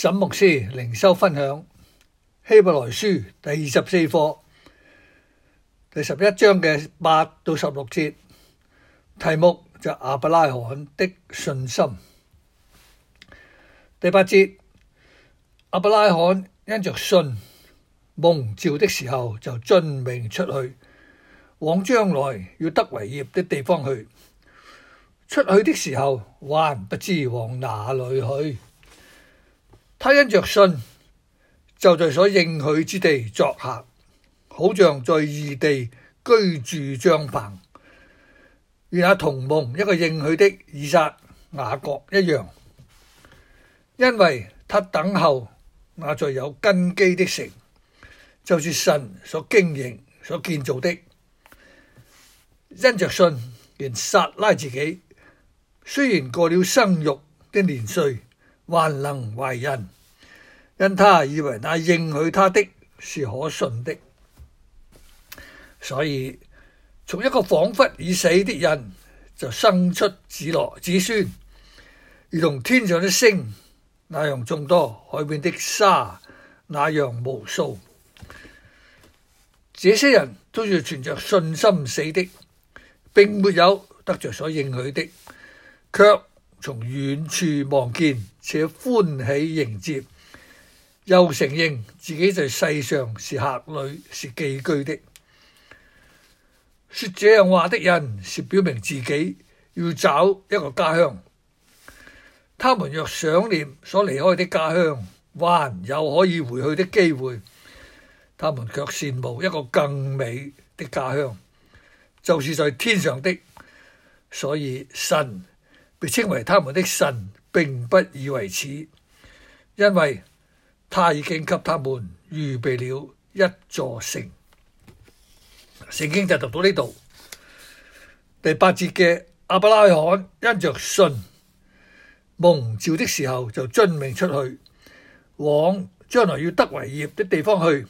沈牧師靈修分享希伯來書第二十四課，第十一章嘅八到十六節，題目就是「阿伯拉罕的信心」。第八節，阿伯拉罕因着信蒙召的時候，就遵命出去，往將來要得為業的地方去。出去的時候，還不知往哪裏去。他因着信，就在所應許之地作客，好像在異地居住帳篷，與那同蒙一個應許的以撒、雅各一樣。因為他等候那在有根基的城，就是神所經營、所建造的。因着信，連撒拉自己雖然過了生育的年歲。還能懷孕，因他以為那應許他的是可信的，所以從一個仿佛已死的人就生出子落子孫，如同天上的星那樣眾多，海邊的沙那樣無數。這些人都要存着信心死的，並沒有得着所應許的，卻，從遠處望見，且歡喜迎接，又承認自己在世上是客旅、是寄居的。說這樣話的人，是表明自己要找一個家鄉。他們若想念所離開的家鄉，還有可以回去的機會，他們卻羨慕一個更美的家鄉，就是在天上的。所以神，被稱為他們的神，並不以為恥，因為他已經給他們預備了一座城。聖經就讀到呢度，第八節嘅，亞伯拉罕因着信蒙召的時候，就遵命出去，往將來要得為業的地方去。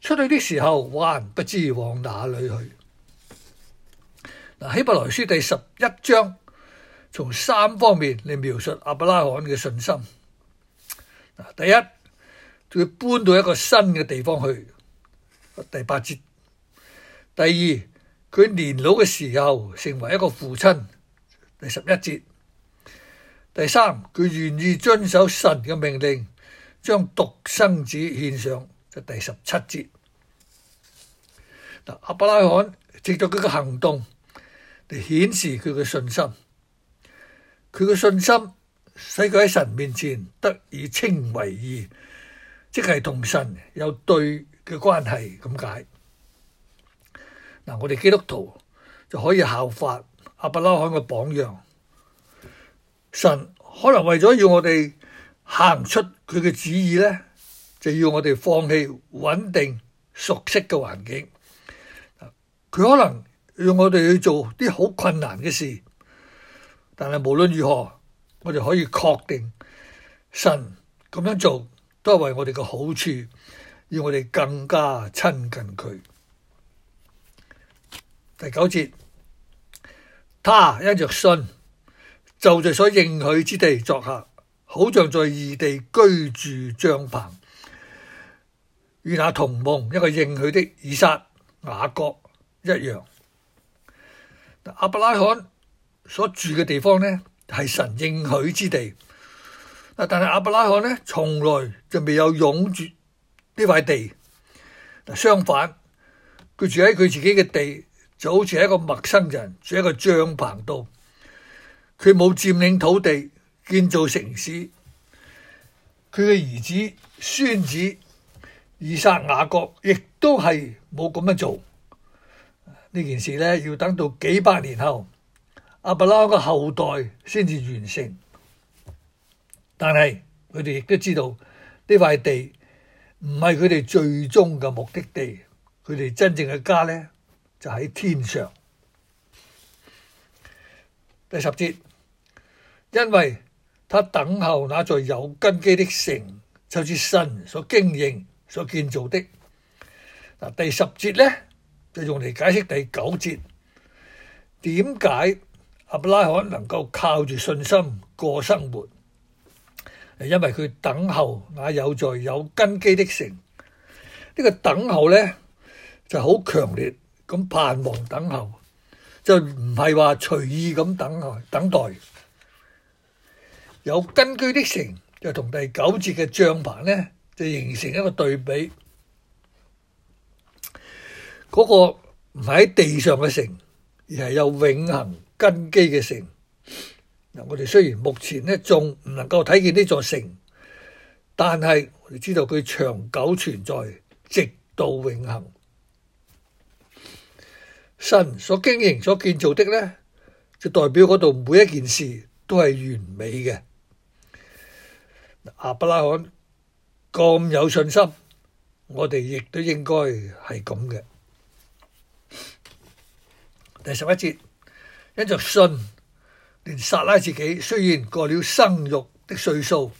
出去的時候還不知往哪裏去。嗱，《希伯來書》第十一章。從三方面嚟描述阿伯拉罕嘅信心。嗱，第一，佢搬到一個新嘅地方去，第八節；第二，佢年老嘅時候成為一個父親，第十一節；第三，佢願意遵守神嘅命令，將獨生子獻上，就第十七節。嗱，阿伯拉罕藉咗佢嘅行動嚟顯示佢嘅信心。佢嘅信心使佢喺神面前得以稱為義，即係同神有對嘅關係咁解。嗱、啊，我哋基督徒就可以效法阿伯拉罕嘅榜樣。神可能為咗要我哋行出佢嘅旨意咧，就要我哋放棄穩定熟悉嘅環境。佢、啊、可能要我哋去做啲好困難嘅事。但係無論如何，我哋可以確定，神咁樣做都係為我哋嘅好處，要我哋更加親近佢。第九節，他因着信，就在所應許之地作客，好像在異地居住帳棚，與那同蒙一個應許的以撒、雅各一樣。阿伯拉罕。所住嘅地方呢，係神應許之地。但係亞伯拉罕呢，從來就未有擁住呢塊地。相反，佢住喺佢自己嘅地，就好似一個陌生人住喺一個帳棚度。佢冇佔領土地，建造城市。佢嘅兒子、孫子以撒、雅各，亦都係冇咁樣做。呢件事呢，要等到幾百年後。亞伯拉嘅後代先至完成，但係佢哋亦都知道呢塊地唔係佢哋最終嘅目的地，佢哋真正嘅家呢就喺天上。第十節，因為他等候那座有根基的城，就是神所經營所建造的。嗱，第十節呢就用嚟解釋第九節點解。亞伯拉罕能夠靠住信心，過生活，因為佢等候，那有在有根基的城。呢個等候呢，就好強烈，咁，盼望等候，就唔係話隨意咁等待。有根基的城，就同第九節嘅帳篷呢，就形成一個對比。嗰個，唔係喺地上嘅城，而係有永恆，根基嘅城，嗱，我哋雖然目前咧，仲唔能夠睇見呢座城，但係我哋知道佢長久存在，直到永恒。神所經營、所建造的呢，就代表嗰度每一件事都係完美嘅。亞伯拉罕咁有信心，我哋亦都應該係咁嘅。第十一節。因着信，連撒拉自己雖然過了生育的歲數，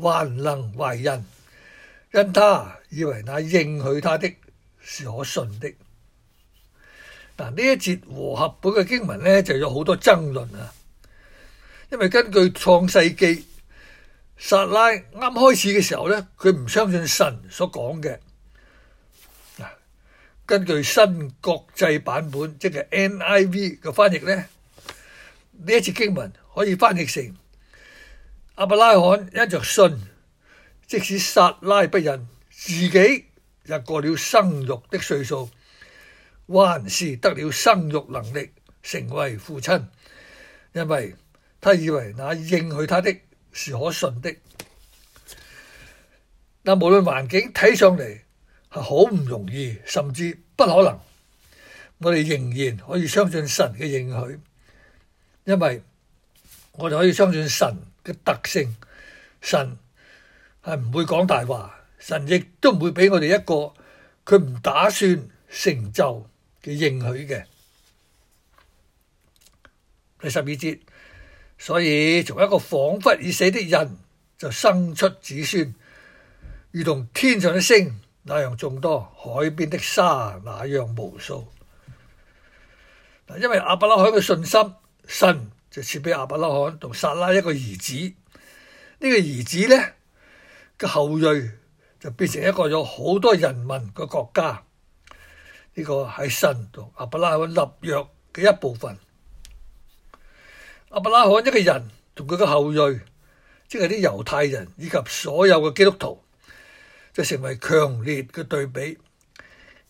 還能懷孕，因他以為那應許他的是可信的。但呢一節和合本嘅經文呢，就有好多爭論啊，因為根據創世記，撒拉啱開始嘅時候呢，佢唔相信神所講嘅。根據新國際版本，即係 NIV 嘅翻譯呢，呢一次經文可以翻譯成：亞伯拉罕因著信，即使撒拉不孕，自己又過了生育的歲數，還是得了生育能力，成為父親，因為他以為那應許他的是可信的。但無論環境睇上嚟係好唔容易，甚至不可能，我哋仍然可以相信神嘅應許，因為我哋可以相信神嘅特性，神係唔會講大話，神亦都唔會俾我哋一個佢唔打算成就嘅應許嘅。第十二節，所以從一個彷佛已死的人就生出子孫，如同天上的星。那樣眾多，海邊的沙那樣無數。因為阿伯拉罕嘅信心，神就賜俾阿伯拉罕同撒拉一個兒子。呢個兒子呢，嘅後裔就變成一個有好多人民嘅國家。呢個係神同阿伯拉罕立約嘅一部分。阿伯拉罕一個人同佢嘅後裔，即係啲猶太人以及所有嘅基督徒。就成為強烈嘅對比，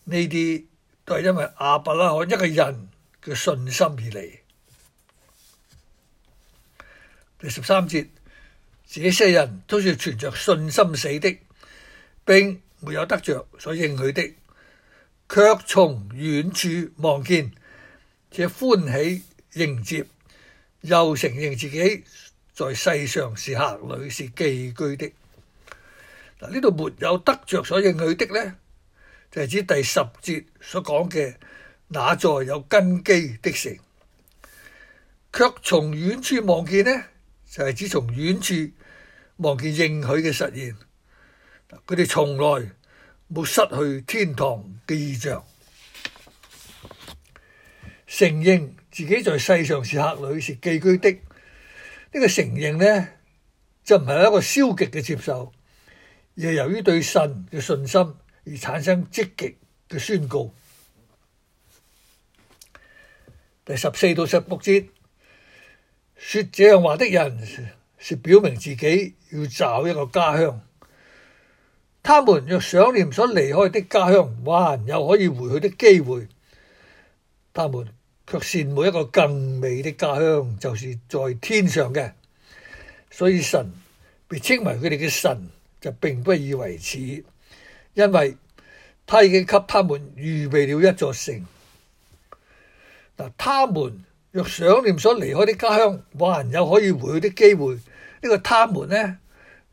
呢啲都係因為阿伯拉罕一個人嘅信心而嚟。第十三節，這些人都是存着信心死的，並沒有得着所應許的，卻從遠處望見，且歡喜迎接，又承認自己在世上是客旅，是寄居的。嗱，呢度沒有得著所應許的呢，就係指第十節所講嘅那座有根基的城，卻從遠處望見呢，就係指從遠處望見應許嘅實現。佢哋從來冇失去天堂嘅意象，承認自己在世上是客旅，是寄居的。呢個承認呢，就唔係一個消極嘅接受。亦由於對神嘅信心而產生積極嘅宣告。第十四到十六節，說這樣話的人是表明自己要找一個家鄉。他們若想念所離開的家鄉，還有可以回去的機會，他們卻羨慕一個更美的家鄉，就是在天上嘅。所以神被稱為佢哋嘅神。就並不以為恥，因為他已經給他們預備了一座城。嗱，他們若想念所離開的家鄉，還有可以回去的機會。呢個他們呢，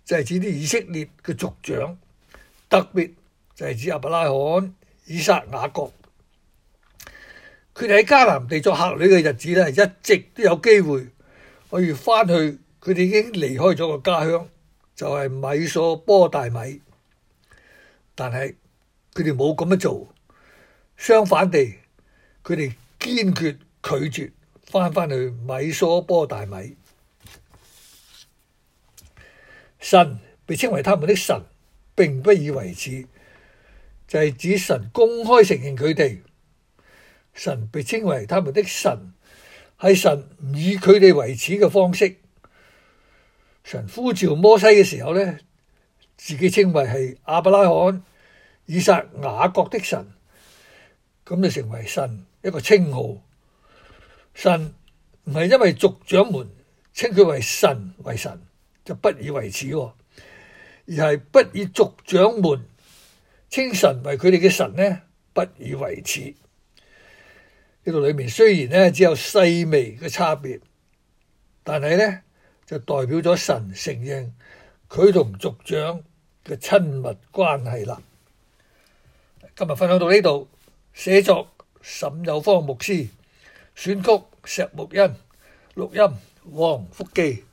就係指啲以色列嘅族長，特別就係指亞伯拉罕、以撒、雅各。佢哋喺迦南地作客旅嘅日子呢，一直都有機會可以翻去。佢哋已經離開咗個家鄉。就係米索波大米，但係佢哋冇咁樣做，相反地，佢哋堅決拒絕翻返去米索波大米。神被稱為他們的神並不以為恥，就係、是、指神公開承認佢哋。神被稱為他們的神係神唔以佢哋為恥嘅方式。神呼召摩西嘅時候呢，自己稱為係亞伯拉罕以撒雅各的神，咁就成為神一個稱號。神唔係因為族長們稱佢為神為神就不以為恥、哦，而係不以族長們稱神為佢哋嘅神呢不以為恥。呢度裏面雖然呢只有細微嘅差別，但係呢。就代表咗神承認佢同族長嘅親密關係啦。今日分享到呢度，寫作沈有芳牧師，選曲石木恩，錄音黃福記。